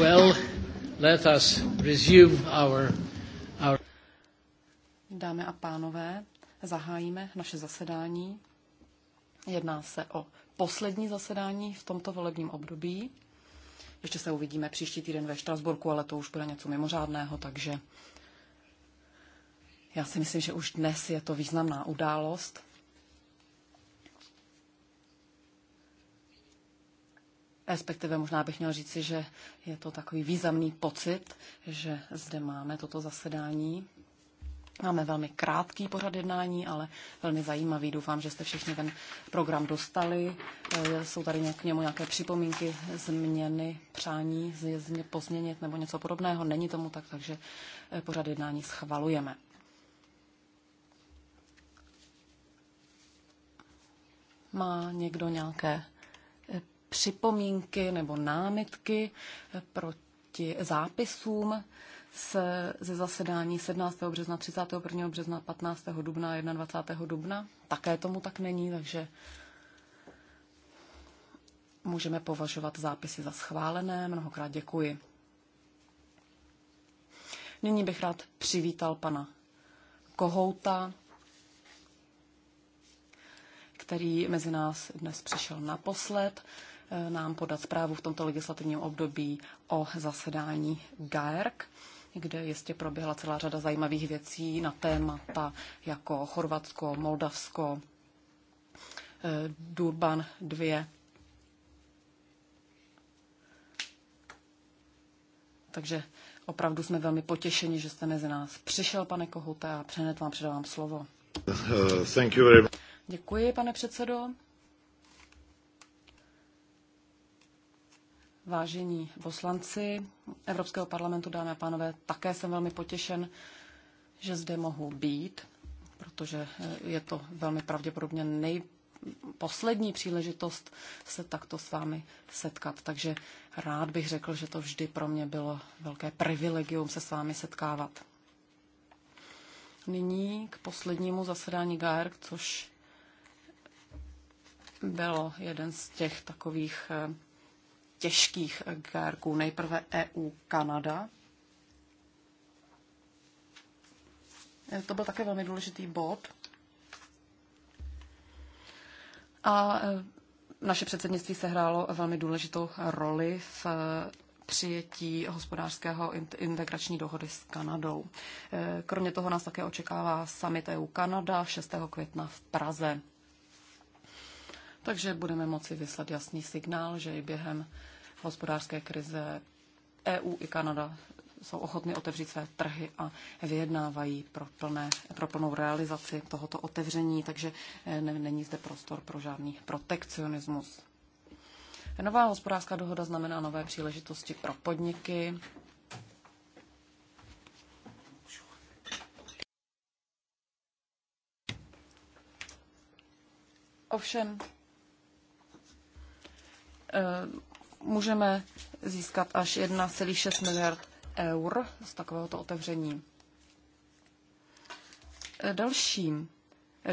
Well, let us resume our, our... Dámy a pánové, zahájíme naše zasedání. Jedná se o poslední zasedání v tomto volebním období. Ještě se uvidíme příští týden ve Štrasburku, ale to už bude něco mimořádného, takže já si myslím, že už dnes je to významná událost. respektive možná bych měl říci, že je to takový významný pocit, že zde máme toto zasedání. Máme velmi krátký pořad jednání, ale velmi zajímavý. Doufám, že jste všichni ten program dostali. E, jsou tady k němu nějaké připomínky, změny, přání, zjezně pozměnit nebo něco podobného. Není tomu tak, takže e, pořad jednání schvalujeme. Má někdo nějaké připomínky nebo námitky proti zápisům se, ze zasedání 17. března, 31. března, 15. dubna, 21. dubna. Také tomu tak není, takže můžeme považovat zápisy za schválené. Mnohokrát děkuji. Nyní bych rád přivítal pana Kohouta, který mezi nás dnes přišel naposled nám podat zprávu v tomto legislativním období o zasedání GAERK kde jistě proběhla celá řada zajímavých věcí na témata jako Chorvatsko, Moldavsko, eh, Durban 2. Takže opravdu jsme velmi potěšeni, že jste mezi nás přišel, pane Kohute, a přenet vám předávám slovo. Eh, Děkuji, pane předsedo. vážení poslanci Evropského parlamentu, dámy a pánové, také jsem velmi potěšen, že zde mohu být, protože eh, je to velmi pravděpodobně nejposlední příležitost se takto s vámi setkat. Takže rád bych řekl, že to vždy pro mě bylo velké privilegium se s vámi setkávat. Nyní k poslednímu zasedání GAER, což bylo jeden z těch takových eh, těžkých GRKů. Nejprve EU Kanada. To byl také velmi důležitý bod. A e, naše předsednictví se hrálo velmi důležitou roli v e, přijetí hospodářského integrační dohody s Kanadou. E, kromě toho nás také očekává summit EU Kanada 6. května v Praze takže budeme moci vyslat jasný signál, že i během hospodářské krize EU i Kanada jsou ochotny otevřít své trhy a vyjednávají pro, plné, pro plnou realizaci tohoto otevření, takže eh, ne, není zde prostor pro žádný protekcionismus. Nová hospodářská dohoda znamená nové příležitosti pro podniky. Ovšem, Eh, můžeme získat až 1,6 miliard eur z takovéhoto otevření. Eh, dalším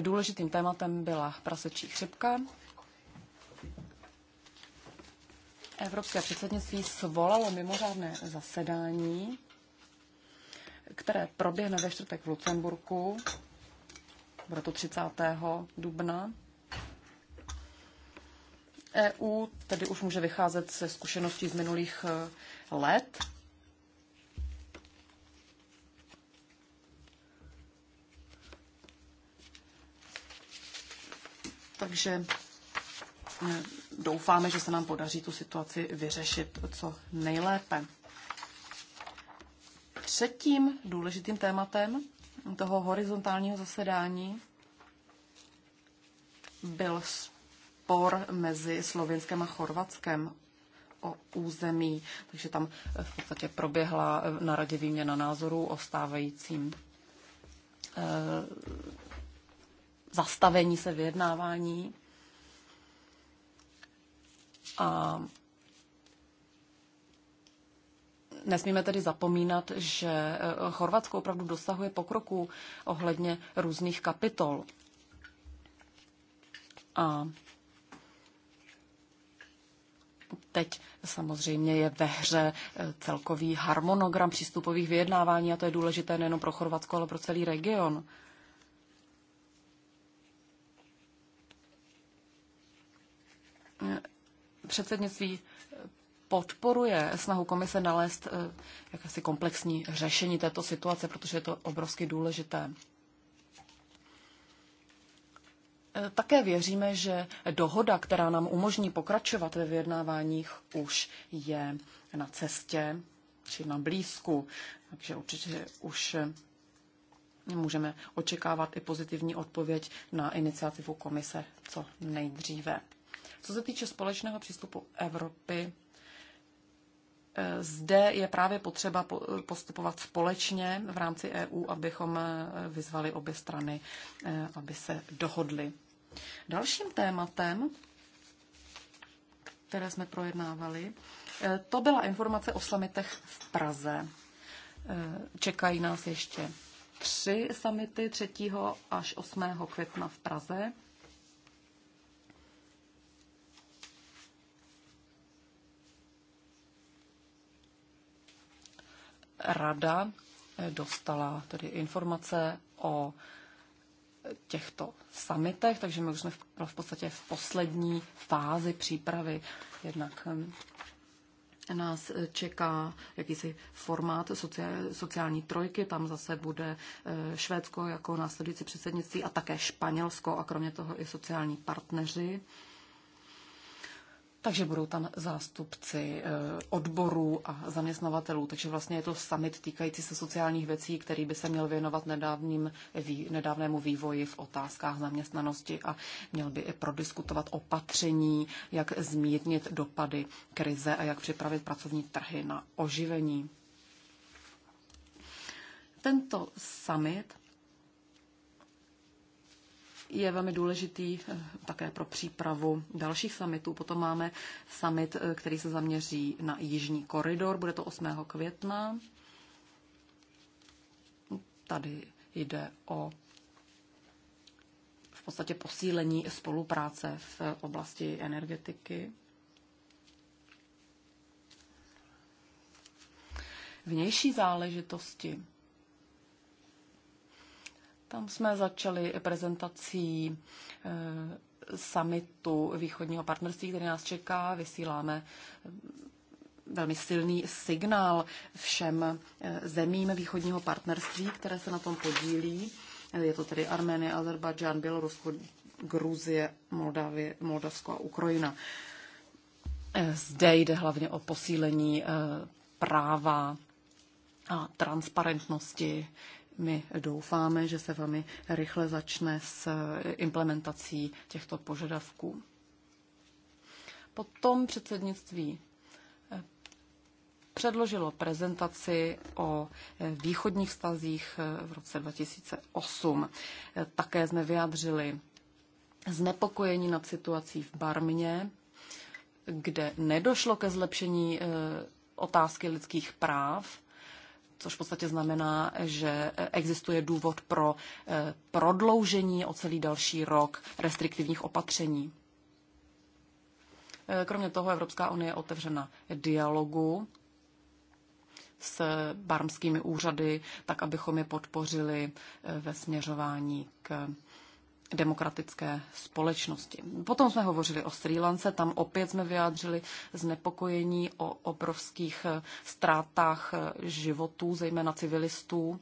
důležitým tématem byla prasečí chřipka. Evropské předsednictví svolalo mimořádné zasedání, které proběhne ve čtvrtek v Lucemburku. Bude to 30. dubna EU, tedy už může vycházet ze zkušeností z minulých eh, let. Takže eh, doufáme, že se nám podaří tu situaci vyřešit co nejlépe. Třetím důležitým tématem toho horizontálního zasedání byl spor mezi Slovenskem a Chorvatskem o území, takže tam eh, v podstatě proběhla eh, na radě výměna názorů o stávajícím eh, zastavení se vyjednávání. A Nesmíme tedy zapomínat, že Chorvatsko opravdu dosahuje pokroku ohledně různých kapitol. A Teď samozřejmě je ve hře e, celkový harmonogram přístupových vyjednávání a to je důležité nejen pro Chorvatsko, ale pro celý region. E, předsednictví podporuje snahu komise nalézt e, jakési komplexní řešení této situace, protože je to obrovsky důležité. Eh, také věříme, že dohoda, která nám umožní pokračovat ve vyjednáváních, už je na cestě či na blízku. Takže určitě už eh, můžeme očekávat i pozitivní odpověď na iniciativu komise co nejdříve. Co se týče společného přístupu Evropy, eh, zde je právě potřeba postupovat společně v rámci EU, abychom vyzvali obě strany, aby se dohodly. Dalším tématem, které jsme projednávali, eh, to byla informace o samitech v Praze. Eh, čekají nás ještě tři samity 3. až 8. května v Praze. Rada eh, dostala tedy informace o těchto samitech, takže my už jsme v podstatě v poslední fázi přípravy. Jednak nás e, čeká jakýsi formát sociální trojky, tam zase bude e, Švédsko jako následující předsednictví a také Španělsko a kromě toho i sociální partneři takže budou tam zástupci eh, odborů a zaměstnavatelů. Takže vlastně je to summit týkající se sociálních věcí, který by se měl věnovat nedávným, nedávnému vývoji v otázkách zaměstnanosti a měl by i prodiskutovat opatření, jak zmírnit dopady krize a jak připravit pracovní trhy na oživení. Tento summit je velmi důležitý eh, také pro přípravu dalších summitů. Potom máme summit, eh, který se zaměří na Jižní koridor, bude to 8. května. Tady jde o v podstatě posílení spolupráce v oblasti energetiky. Vnější záležitosti. Tam jsme začali prezentací eh, samitu východního partnerství, který nás čeká. Vysíláme eh, velmi silný signál všem eh, zemím východního partnerství, které se na tom podílí. Je to tedy Arménie, Azerbajdžán, Bělorusko, Gruzie, Moldavie, Moldavsko a Ukrajina. Zde jde hlavně o posílení práva a transparentnosti my doufáme, že se velmi rychle začne s eh, implementací těchto požadavků. Potom předsednictví eh, předložilo prezentaci o eh, východních vztazích v roce 2008. Také jsme vyjádřili znepokojení nad situací v Barmě, kde nedošlo ke zlepšení otázky lidských práv což v podstatě znamená, že e, existuje důvod pro e, prodloužení o celý další rok restriktivních opatření. E, kromě toho Evropská unie je otevřena dialogu s barmskými úřady, tak abychom je podpořili ve směřování k demokratické společnosti. Potom jsme hovořili o Sri Lance, tam opět jsme vyjádřili znepokojení o obrovských eh, ztrátách eh, životů, zejména civilistů.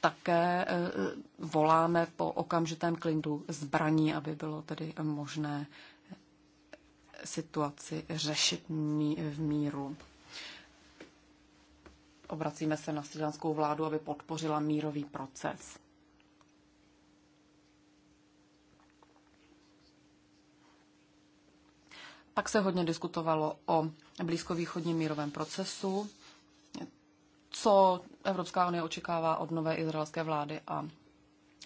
Také eh, voláme po okamžitém klindu zbraní, aby bylo tedy možné situaci řešit v míru obracíme se na střílanskou vládu, aby podpořila mírový proces. Pak se hodně diskutovalo o blízkovýchodním mírovém procesu, co Evropská unie očekává od nové izraelské vlády a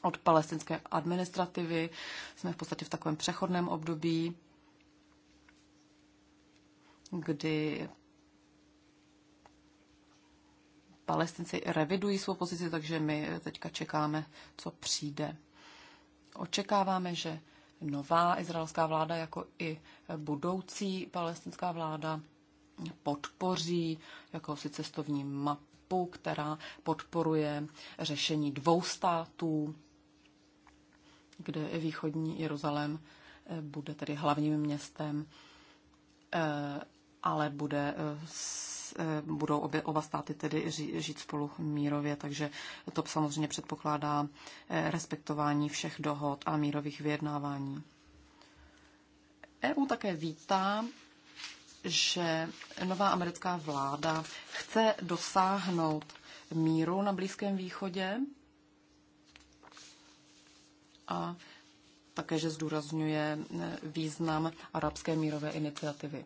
od palestinské administrativy. Jsme v podstatě v takovém přechodném období, kdy palestinci revidují svou pozici, takže my teďka čekáme, co přijde. Očekáváme, že nová izraelská vláda, jako i budoucí palestinská vláda, podpoří jakousi cestovní mapu, která podporuje řešení dvou států, kde východní Jeruzalém eh, bude tedy hlavním městem, eh, ale bude eh, Eh, budou obě, oba státy tedy žít spolu mírově, takže to samozřejmě předpokládá eh, respektování všech dohod a mírových vyjednávání. EU také vítá, že nová americká vláda chce dosáhnout míru na Blízkém východě a také, že zdůrazňuje eh, význam arabské mírové iniciativy.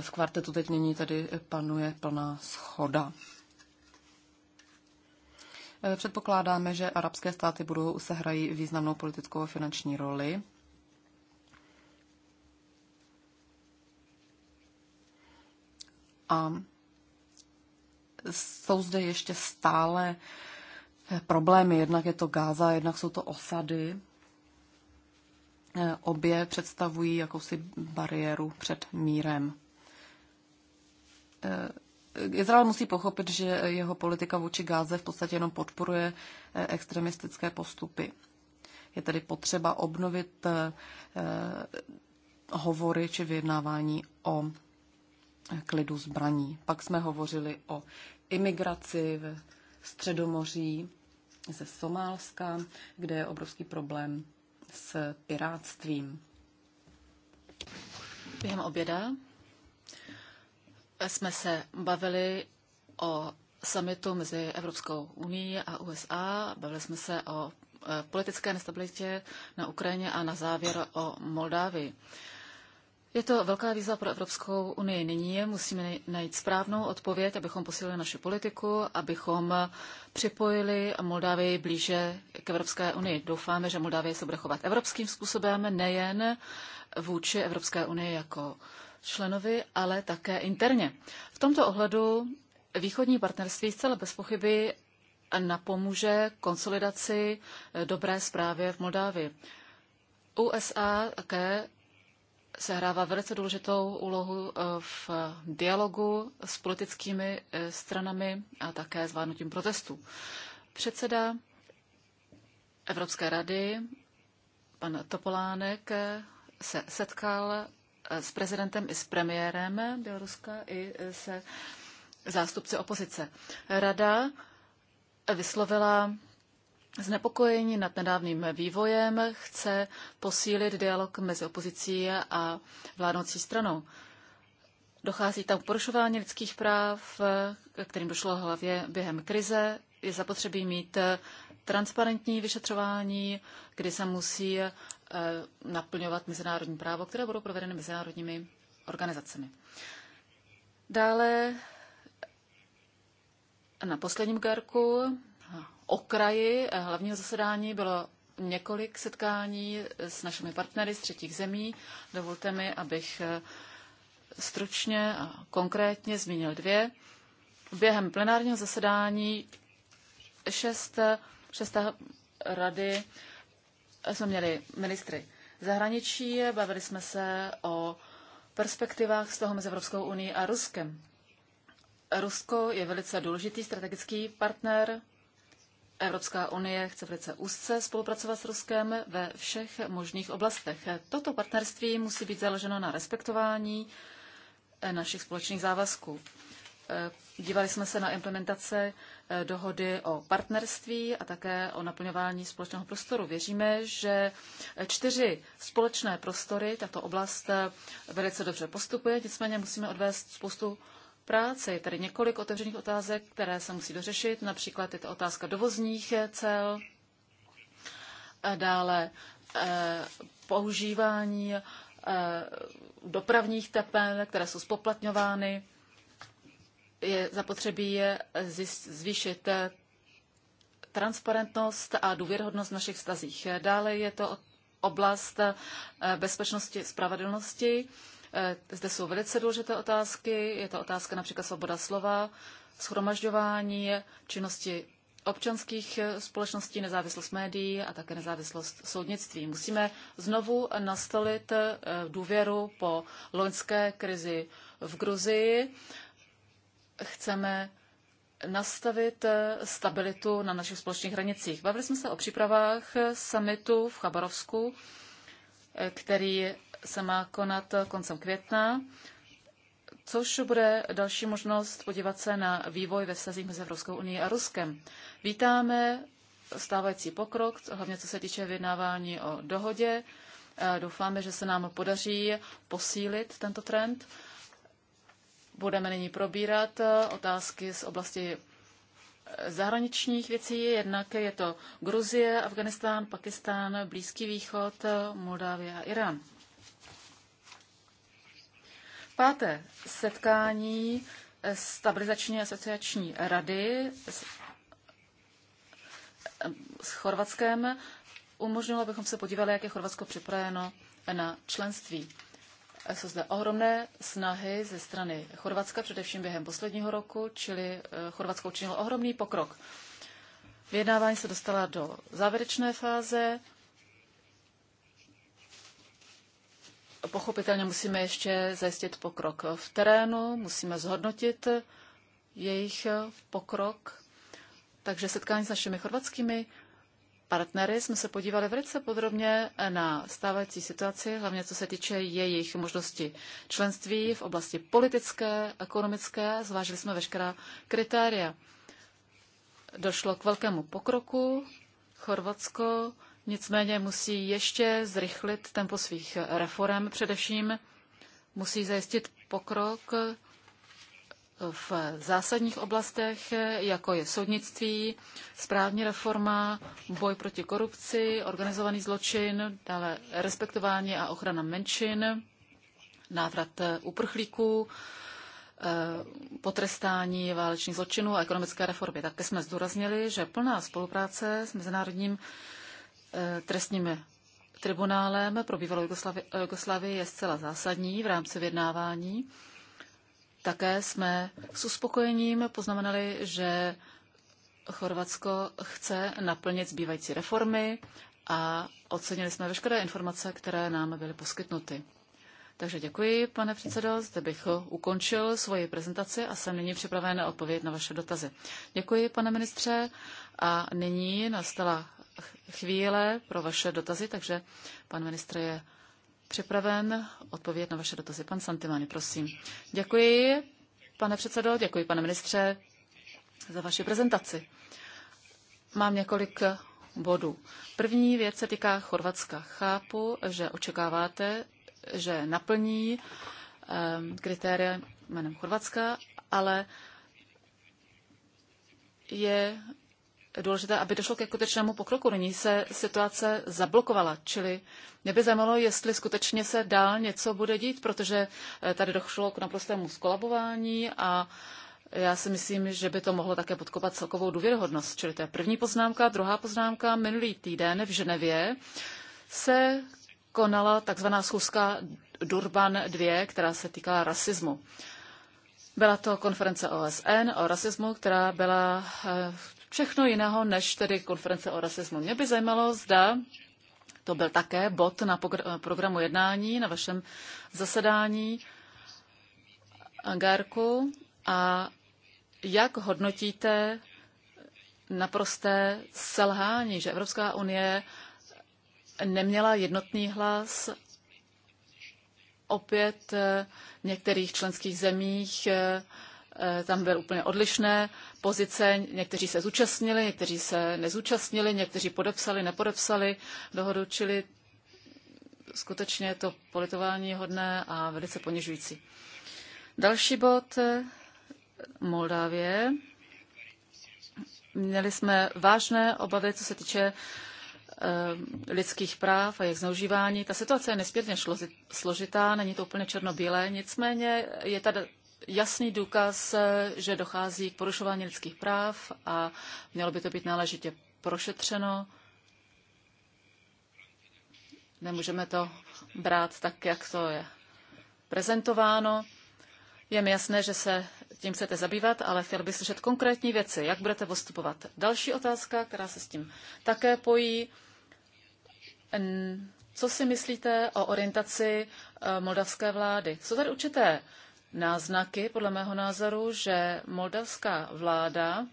v kvartetu teď nyní tady panuje plná schoda. Předpokládáme, že arabské státy budou hrají významnou politickou a finanční roli. A jsou zde ještě stále problémy. Jednak je to Gáza, jednak jsou to osady. Obě představují jakousi bariéru před mírem. Eh, Izrael musí pochopit, že jeho politika vůči Gáze v podstatě jenom podporuje eh, extremistické postupy. Je tedy potřeba obnovit eh, hovory či vyjednávání o klidu zbraní. Pak jsme hovořili o imigraci v Středomoří ze Somálska, kde je obrovský problém s piráctvím. Během oběda jsme se bavili o summitu mezi Evropskou unii a USA. Bavili jsme se o e, politické nestabilitě na Ukrajině a na závěr o Moldávii. Je to velká výzva pro Evropskou unii nyní. Musíme najít správnou odpověď, abychom posílili naši politiku, abychom připojili Moldávii blíže k Evropské unii. Doufáme, že Moldávie se bude chovat evropským způsobem, nejen vůči Evropské unii jako členovi, ale také interně. V tomto ohledu východní partnerství zcela bez pochyby napomůže konsolidaci dobré zprávy v Moldávii. USA také sehrává velice důležitou úlohu eh, v dialogu s politickými eh, stranami a také zvládnutím protestů. Předseda Evropské rady, pan Topolánek, eh, se setkal s prezidentem i s premiérem Běloruska i se zástupci opozice. Rada vyslovila znepokojení nad nedávným vývojem, chce posílit dialog mezi opozicí a vládnoucí stranou. Dochází tam k porušování lidských práv, kterým došlo hlavně během krize. Je zapotřebí mít transparentní vyšetřování, kdy se musí Eh, naplňovat mezinárodní právo, které budou provedeny mezinárodními organizacemi. Dále na posledním garku okraji eh, hlavního zasedání bylo několik setkání eh, s našimi partnery z třetích zemí. Dovolte mi, abych stručně a konkrétně zmínil dvě. Během plenárního zasedání šest, šesté rady jsme měli ministry zahraničí, bavili jsme se o perspektivách z toho mezi Evropskou unii a Ruskem. Rusko je velice důležitý strategický partner. Evropská unie chce velice úzce spolupracovat s Ruskem ve všech možných oblastech. Toto partnerství musí být založeno na respektování našich společných závazků. Eh, dívali jsme se na implementace eh, dohody o partnerství a také o naplňování společného prostoru. Věříme, že eh, čtyři společné prostory, tato oblast velice dobře postupuje, nicméně musíme odvést spoustu práce. Je tady několik otevřených otázek, které se musí dořešit, například je to otázka dovozních cel, dále používání dopravních tepel, které jsou spoplatňovány, je zapotřebí zvýšit transparentnost a důvěrhodnost v našich vztazích. Dále je to oblast eh, bezpečnosti spravedlnosti. Eh, zde jsou velice důležité otázky. Je to otázka například svoboda slova, schromažďování, činnosti občanských eh, společností, nezávislost médií a také nezávislost soudnictví. Musíme znovu nastolit důvěru po loňské krizi v Gruzii chceme nastavit eh, stabilitu na našich společných hranicích. Bavili jsme se o přípravách summitu v Chabarovsku, eh, který se má konat koncem května, což bude další možnost podívat se na vývoj ve vztazích mezi Evropskou unii a Ruskem. Vítáme stávající pokrok, hlavně co se týče vyjednávání o dohodě. Eh, doufáme, že se nám podaří posílit tento trend Budeme nyní probírat eh, otázky z oblasti eh, zahraničních věcí. Jednak je to Gruzie, Afganistán, Pakistán, Blízký východ, eh, Moldávie a Irán. Páté setkání stabilizační asociační rady s, s Chorvatskem umožnilo, abychom se podívali, jak je Chorvatsko připraveno na členství. Jsou zde ohromné snahy ze strany Chorvatska, především během posledního roku, čili eh, Chorvatsko učinilo ohromný pokrok. Vyjednávání se dostala do závěrečné fáze. Pochopitelně musíme ještě zajistit pokrok v terénu, musíme zhodnotit jejich pokrok. Takže setkání s našimi chorvatskými partnery jsme se podívali velice podrobně na stávající situaci, hlavně co se týče jejich možnosti členství v oblasti politické, ekonomické. Zvážili jsme veškerá kritéria. Došlo k velkému pokroku. Chorvatsko nicméně musí ještě zrychlit tempo svých reform. Především musí zajistit pokrok v zásadních oblastech, jako je soudnictví, správní reforma, boj proti korupci, organizovaný zločin, dále respektování a ochrana menšin, návrat uprchlíků, eh, potrestání válečných zločinů a ekonomické reformy. Také jsme zdůraznili, že plná spolupráce s Mezinárodním eh, trestním tribunálem pro bývalou Jugoslavii je zcela zásadní v rámci vyjednávání také jsme s uspokojením poznamenali, že Chorvatsko chce naplnit zbývající reformy a ocenili jsme veškeré informace, které nám byly poskytnuty. Takže děkuji, pane předsedo. Zde bych ukončil svoji prezentaci a jsem nyní připraven na odpověď na vaše dotazy. Děkuji, pane ministře. A nyní nastala chvíle pro vaše dotazy, takže pan ministr je připraven odpovědět na vaše dotazy. Pan Santimani, prosím. Děkuji, pane předsedo, děkuji, pane ministře, za vaši prezentaci. Mám několik bodů. První věc se týká Chorvatska. Chápu, že očekáváte, že naplní ehm, kritéria jménem Chorvatska, ale je důležité, aby došlo ke skutečnému pokroku. Nyní se situace zablokovala, čili mě by zajímalo, jestli skutečně se dál něco bude dít, protože eh, tady došlo k naprostému skolabování a já si myslím, že by to mohlo také podkopat celkovou důvěryhodnost. Čili to je první poznámka. Druhá poznámka, minulý týden v Ženevě se konala takzvaná schůzka Durban 2, která se týkala rasismu. Byla to konference OSN o rasismu, která byla eh, všechno jiného než tedy konference o rasismu. Mě by zajímalo, zda to byl také bod na programu jednání, na vašem zasedání Angárku. A jak hodnotíte naprosté selhání, že Evropská unie neměla jednotný hlas opět v některých členských zemích Eh, tam byly úplně odlišné pozice. Někteří se zúčastnili, někteří se nezúčastnili, někteří podepsali, nepodepsali dohodu, čili skutečně je to politování hodné a velice ponižující. Další bod eh, Moldávie. Měli jsme vážné obavy, co se týče eh, lidských práv a jejich zneužívání. Ta situace je nesmírně složitá, není to úplně černobílé, nicméně je tady jasný důkaz, že dochází k porušování lidských práv a mělo by to být náležitě prošetřeno. Nemůžeme to brát tak, jak to je prezentováno. Je mi jasné, že se tím chcete zabývat, ale chtěl bych slyšet konkrétní věci, jak budete postupovat. Další otázka, která se s tím také pojí. Co si myslíte o orientaci eh, moldavské vlády? Jsou tady určité náznaky, podle mého názoru, že moldavská vláda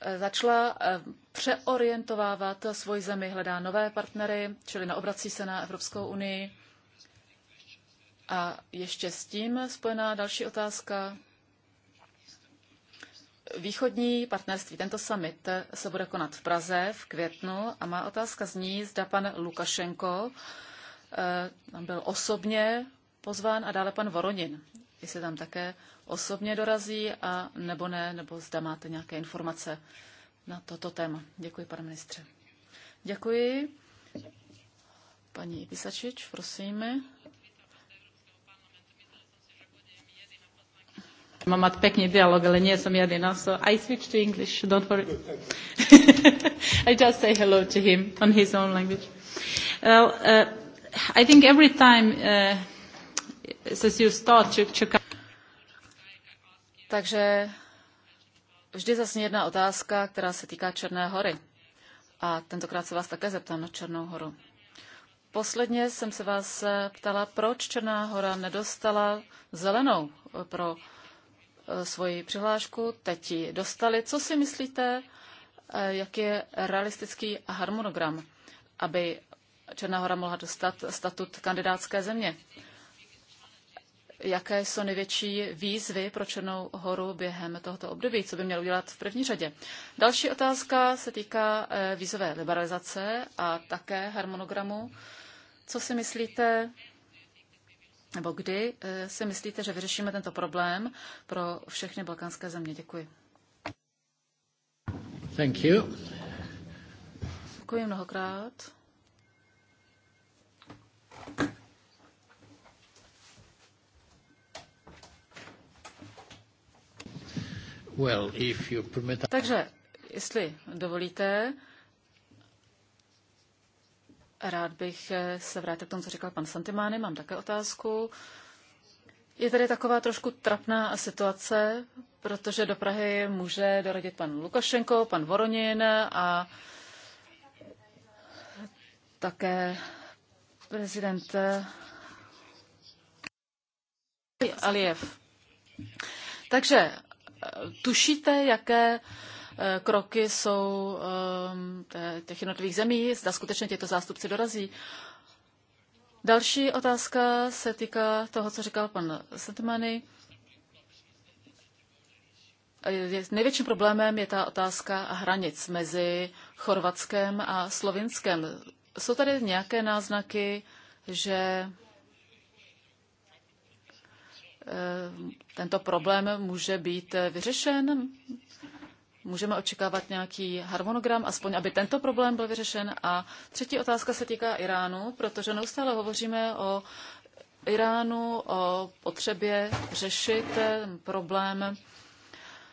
eh, začala eh, přeorientovávat svoji zemi, hledá nové partnery, čili neobrací se na Evropskou unii. A ještě s tím spojená další otázka. Východní partnerství, tento summit eh, se bude konat v Praze v květnu a má otázka zní, zda pan Lukašenko tam byl osobně pozván a dále pan Voronin, jestli tam také osobně dorazí a nebo ne, nebo zda máte nějaké informace na toto téma. Děkuji, pane ministře. Děkuji. Paní Pisačič, prosím. Mám pěkný dialog, ale nie jsem jediná, so I switch to English, don't worry. I just say hello to him on his own language. Well, uh, I think every time uh, takže vždy zasně jedna otázka, která se týká Černé hory. A tentokrát se vás také zeptám na Černou horu. Posledně jsem se vás ptala, proč Černá hora nedostala zelenou pro eh, svoji přihlášku, teď ji dostali. Co si myslíte, eh, jak je realistický harmonogram, aby Černá hora mohla dostat statut kandidátské země? jaké jsou největší výzvy pro Černou horu během tohoto období, co by měl udělat v první řadě. Další otázka se týká eh, vízové liberalizace a také harmonogramu. Co si myslíte, nebo kdy eh, si myslíte, že vyřešíme tento problém pro všechny balkánské země? Děkuji. Thank you. Děkuji mnohokrát. Well, if you permit... Takže, jestli dovolíte, rád bych eh, se vrátil k tomu, co říkal pan Santimány. Mám také otázku. Je tady taková trošku trapná situace, protože do Prahy může doradit pan Lukašenko, pan Voronin a také prezident eh, Aliev. Takže tušíte, jaké eh, kroky jsou ehm, těch jednotlivých zemí, zda skutečně těto zástupci dorazí. Další otázka se týká toho, co říkal pan Sentmany. Největším problémem je ta otázka hranic mezi Chorvatskem a Slovinskem. Jsou tady nějaké náznaky, že Eh, tento problém může být eh, vyřešen? Můžeme očekávat nějaký harmonogram, aspoň aby tento problém byl vyřešen? A třetí otázka se týká Iránu, protože neustále hovoříme o Iránu, o potřebě řešit eh, problém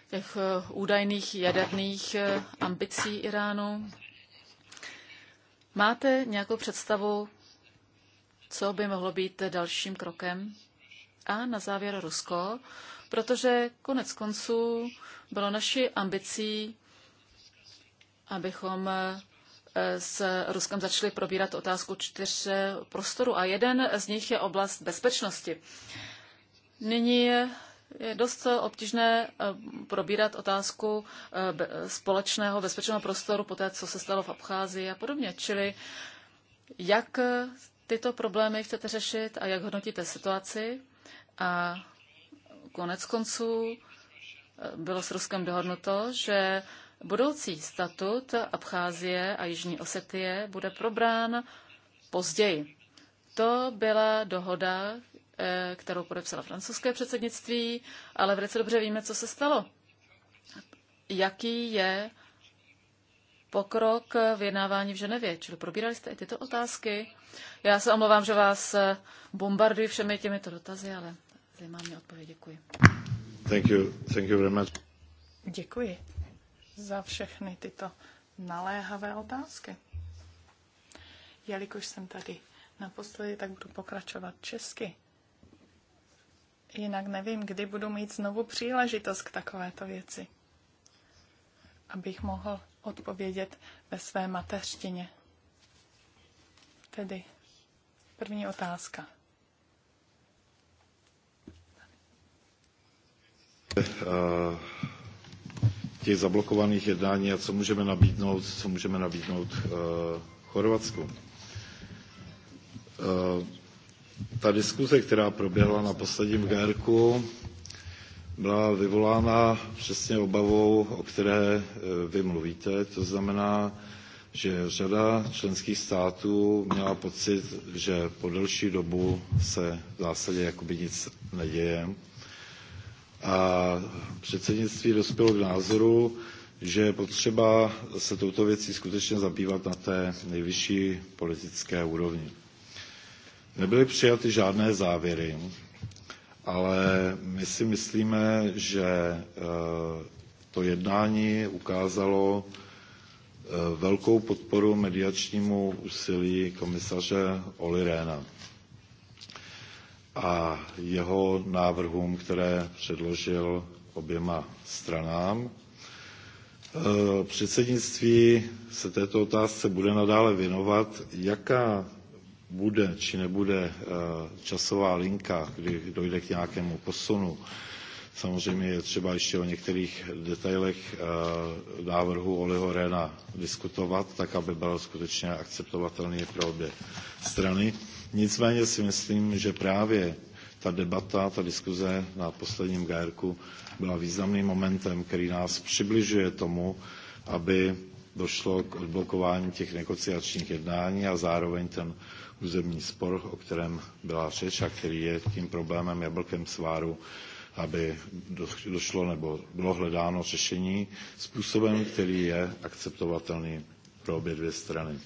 těch údajných jaderných ambicí Iránu. Máte nějakou představu, co by mohlo být dalším krokem? A na závěr Rusko, protože konec konců bylo naší ambicí, abychom eh, s Ruskem začali probírat otázku čtyř eh, prostorů a jeden z nich je oblast bezpečnosti. Nyní je dost eh, obtížné probírat otázku společného bezpečného prostoru po té, co se stalo v Abcházii a podobně. Čili jak tyto problémy chcete řešit a jak hodnotíte situaci? A konec konců eh, bylo s Ruskem dohodnuto, že budoucí statut Abcházie a Jižní Osetie bude probrán později. To byla dohoda, eh, kterou podepsala francouzské předsednictví, ale velice dobře víme, co se stalo. Jaký je pokrok v jednávání v Ženevě? Čili probírali jste i tyto otázky? Já se omlouvám, že vás bombarduji všemi těmito dotazy, ale Zajímá mě odpověď. Děkuji. Thank you. Thank you very much. Děkuji za všechny tyto naléhavé otázky. Jelikož jsem tady naposledy, tak budu pokračovat česky. Jinak nevím, kdy budu mít znovu příležitost k takovéto věci, abych mohl odpovědět ve své mateřtině. Tedy první otázka. Eh, těch zablokovaných jednání a co můžeme nabídnout, co můžeme nabídnout eh, Chorvatsku. Eh, ta diskuze, která proběhla na posledním GRku, byla vyvolána přesně obavou, o které vy mluvíte. To znamená, že řada členských států měla pocit, že po delší dobu se v zásadě jakoby nic neděje a předsednictví dospělo k názoru, že je potřeba se touto věcí skutečně zabývat na té nejvyšší politické úrovni. Nebyly přijaty žádné závěry, ale my si myslíme, že eh, to jednání ukázalo eh, velkou podporu mediačnímu úsilí komisaře Oli Réna a jeho návrhům, které předložil oběma stranám. E, předsednictví se této otázce bude nadále věnovat, jaká bude či nebude e, časová linka, kdy dojde k nějakému posunu Samozřejmě je třeba ještě o některých detailech eh, návrhu Oliho Rena diskutovat, tak aby byl skutečně akceptovatelný pro obě strany. Nicméně si myslím, že právě ta debata, ta diskuze na posledním gajerku byla významným momentem, který nás přibližuje tomu, aby došlo k odblokování těch negociačních jednání a zároveň ten územní spor, o kterém byla řeč a který je tím problémem jablkem sváru, aby došlo nebo bylo hledáno řešení způsobem, který je akceptovatelný pro obě dvě strany.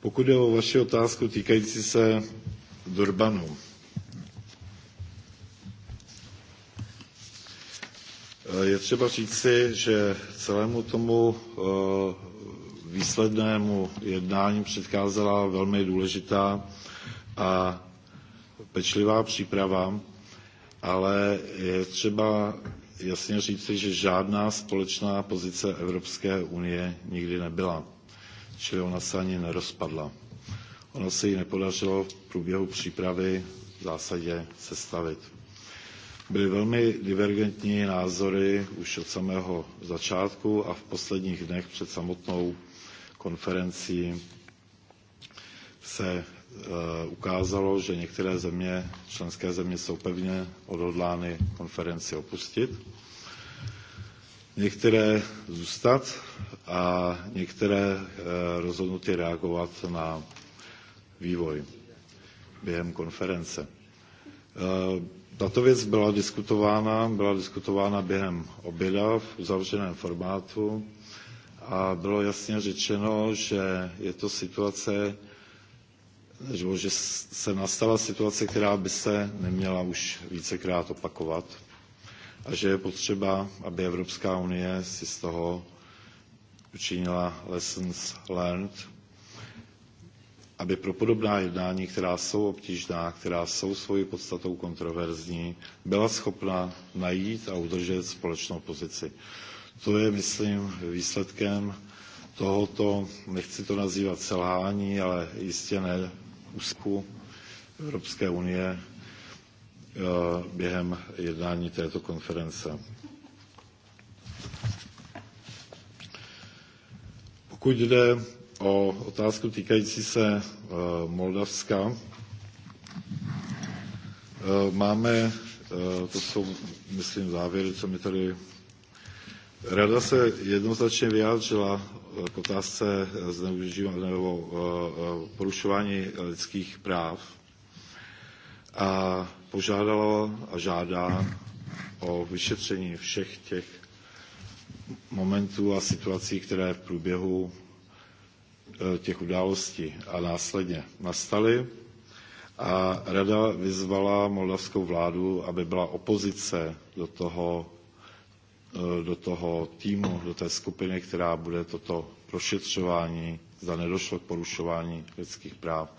Pokud je o vaši otázku týkající se Durbanu, je třeba říci, že celému tomu eh, výslednému jednání předcházela velmi důležitá a pečlivá příprava ale je třeba jasně říci, že žádná společná pozice Evropské unie nikdy nebyla, čili ona se ani nerozpadla. Ono se ji nepodařilo v průběhu přípravy v zásadě sestavit. Byly velmi divergentní názory už od samého začátku a v posledních dnech před samotnou konferencí se Eh, ukázalo, že některé země, členské země jsou pevně odhodlány konferenci opustit, některé zůstat a některé eh, rozhodnutí reagovat na vývoj během konference. Eh, tato věc byla diskutována, byla diskutována během oběda v uzavřeném formátu a bylo jasně řečeno, že je to situace, že, že se nastala situace, která by se neměla už vícekrát opakovat a že je potřeba, aby Evropská unie si z toho učinila lessons learned, aby pro podobná jednání, která jsou obtížná, která jsou svojí podstatou kontroverzní, byla schopna najít a udržet společnou pozici. To je, myslím, výsledkem tohoto, nechci to nazývat selhání, ale jistě ne úzku Evropské unie eh, během jednání této konference. Pokud jde o otázku týkající se eh, Moldavska, eh, máme, to jsou, myslím, závěry, co mi tady Rada se jednoznačně vyjádřila e, k otázce zneužívání nebo e, e, porušování lidských práv a požádala a žádá o vyšetření všech těch momentů a situací, které v průběhu těch událostí a následně nastaly. A rada vyzvala moldavskou vládu, aby byla opozice do toho Eh, do toho týmu, do té skupiny, která bude toto prošetřování, zda nedošlo k porušování lidských práv,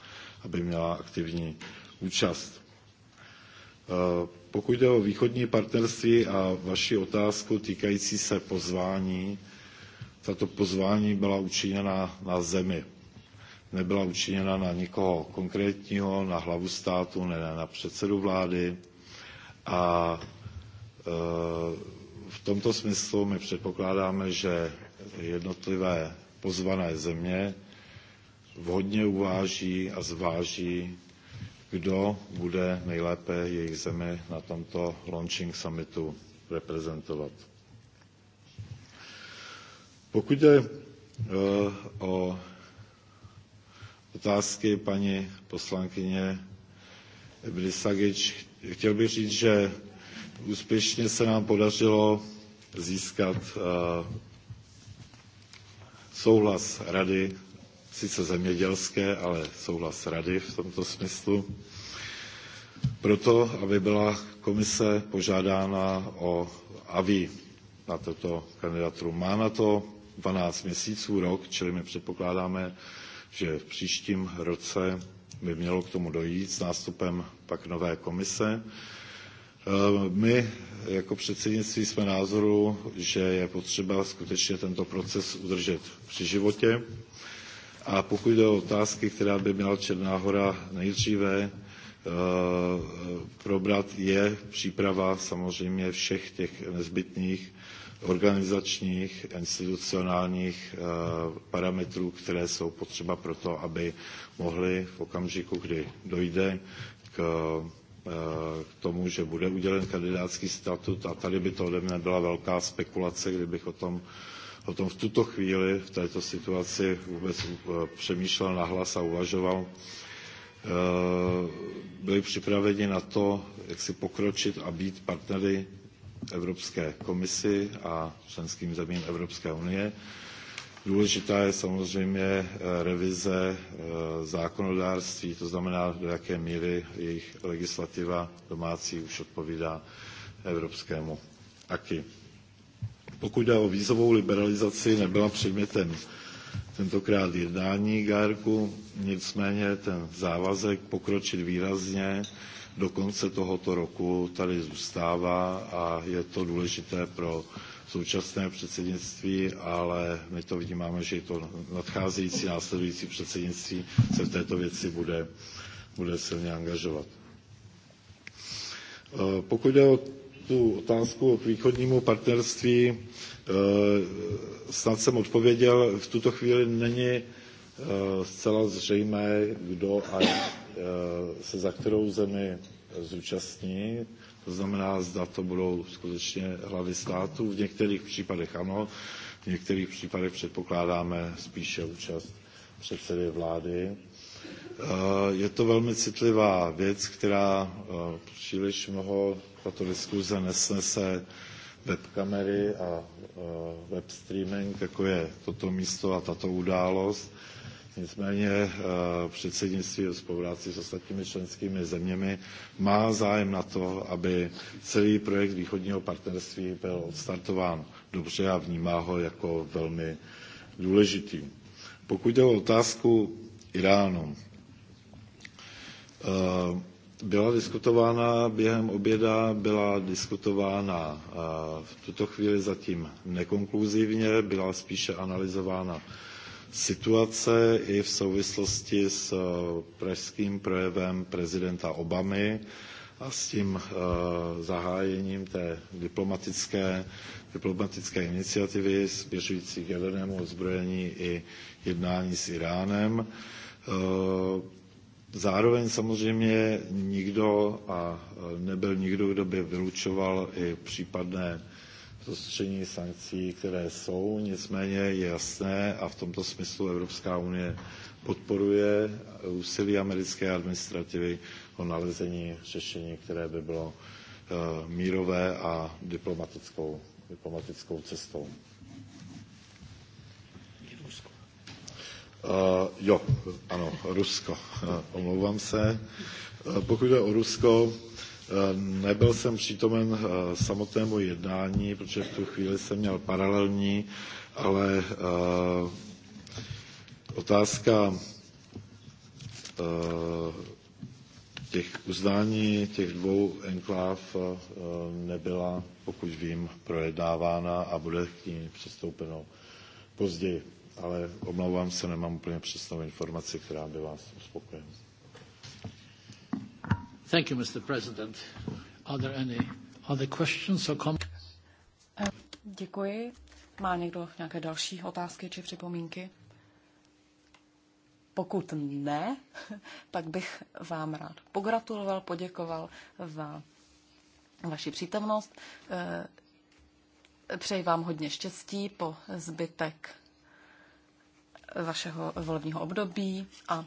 aby měla aktivní účast. Eh, pokud jde o východní partnerství a vaši otázku týkající se pozvání, tato pozvání byla učiněna na zemi. Nebyla učiněna na nikoho konkrétního, na hlavu státu, ne na předsedu vlády. A e, v tomto smyslu my předpokládáme, že jednotlivé pozvané země vhodně uváží a zváží, kdo bude nejlépe jejich zemi na tomto launching summitu reprezentovat. Pokud jde eh, o otázky paní poslankyně Brisagič, chtěl bych říct, že úspěšně se nám podařilo získat eh, souhlas rady, sice zemědělské, ale souhlas rady v tomto smyslu, proto, aby byla komise požádána o AVI na toto kandidaturu. Má na to 12 měsíců, rok, čili my předpokládáme, že v příštím roce by mělo k tomu dojít s nástupem pak nové komise. Eh, my jako předsednictví jsme názoru, že je potřeba skutečně tento proces udržet při životě. A pokud jde o otázky, která by měla Černá hora nejdříve eh, probrat, je příprava samozřejmě všech těch nezbytných organizačních, institucionálních eh, parametrů, které jsou potřeba pro to, aby mohli v okamžiku, kdy dojde k k tomu, že bude udělen kandidátský statut a tady by to ode mne byla velká spekulace, kdybych o tom, o tom v tuto chvíli, v této situaci vůbec eh, přemýšlel nahlas a uvažoval. Eh, byli připraveni na to, jak si pokročit a být partnery Evropské komisi a členským zemím Evropské unie. Důležitá je samozřejmě eh, revize eh, zákonodárství, to znamená, do jaké míry jejich legislativa domácí už odpovídá evropskému AKI. Pokud jde o vízovou liberalizaci, nebyla předmětem tentokrát jednání GAERKu, nicméně ten závazek pokročit výrazně do konce tohoto roku tady zůstává a je to důležité pro současné předsednictví, ale my to vnímáme, že to nadcházející, následující předsednictví se v této věci bude, bude silně angažovat. Eh, pokud jde o tu otázku k východnímu partnerství, eh, snad jsem odpověděl, v tuto chvíli není eh, zcela zřejmé, kdo a se za kterou zemi zúčastní to znamená, zda to budou skutečně hlavy států. V některých případech ano, v některých případech předpokládáme spíše účast předsedy vlády. Eh, je to velmi citlivá věc, která eh, příliš mnoho tato diskuze nesnese webkamery a eh, webstreaming, jako je toto místo a tato událost. Nicméně eh, předsednictví ve spolupráci s ostatními členskými zeměmi má zájem na to, aby celý projekt východního partnerství byl odstartován dobře a vnímá ho jako velmi důležitý. Pokud jde o otázku Iránu, eh, byla diskutována během oběda, byla diskutována eh, v tuto chvíli zatím nekonkluzivně, byla spíše analyzována situace i v souvislosti s eh, pražským projevem prezidenta Obamy a s tím eh, zahájením té diplomatické, diplomatické iniciativy směřující k jadernému ozbrojení i jednání s Iránem. Eh, zároveň samozřejmě nikdo a nebyl nikdo, kdo by vylučoval i případné zostření sankcí, které jsou, nicméně je jasné a v tomto smyslu Evropská unie podporuje úsilí americké administrativy o nalezení řešení, které by bylo eh, mírové a diplomatickou, diplomatickou cestou. Uh, jo, ano, Rusko. Eh, omlouvám se. pokud je o Rusko, uh, Ehm, nebyl jsem přítomen eh, samotnému jednání, protože v tu chvíli jsem měl paralelní, ale eh, otázka eh, těch uznání těch dvou enkláv nebyla, pokud vím, projednávána a bude k ní přistoupeno později. Ale omlouvám se, nemám úplně přesnou informaci, která by vás uspokojila. Thank you, Mr. President. Are there any other questions or comments? Eh, děkuji. Má někdo nějaké další otázky či připomínky? Pokud ne, tak bych vám rád pogratuloval, poděkoval za vaši přítomnost. Eh, přeji vám hodně štěstí po zbytek vašeho volebního období a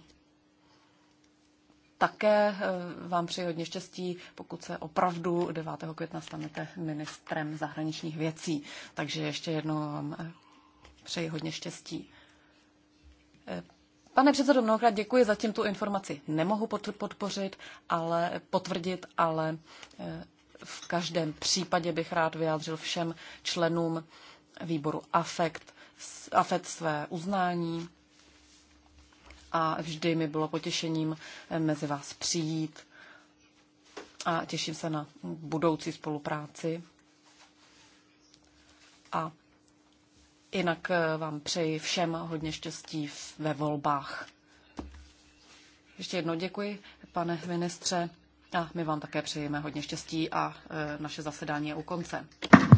také eh, vám přeji hodně štěstí, pokud se opravdu 9. května stanete ministrem zahraničních věcí. Takže ještě jednou vám eh, přeji hodně štěstí. Eh, pane předsedo, mnohokrát děkuji, zatím tu informaci nemohu podpořit, ale potvrdit, ale v každém případě bych rád vyjádřil všem členům výboru AFECT, AFET své uznání a vždy mi bylo potěšením eh, mezi vás přijít a těším se na budoucí spolupráci. A jinak eh, vám přeji všem hodně štěstí ve volbách. Ještě jednou děkuji, pane ministře, a my vám také přejeme hodně štěstí a eh, naše zasedání je u konce.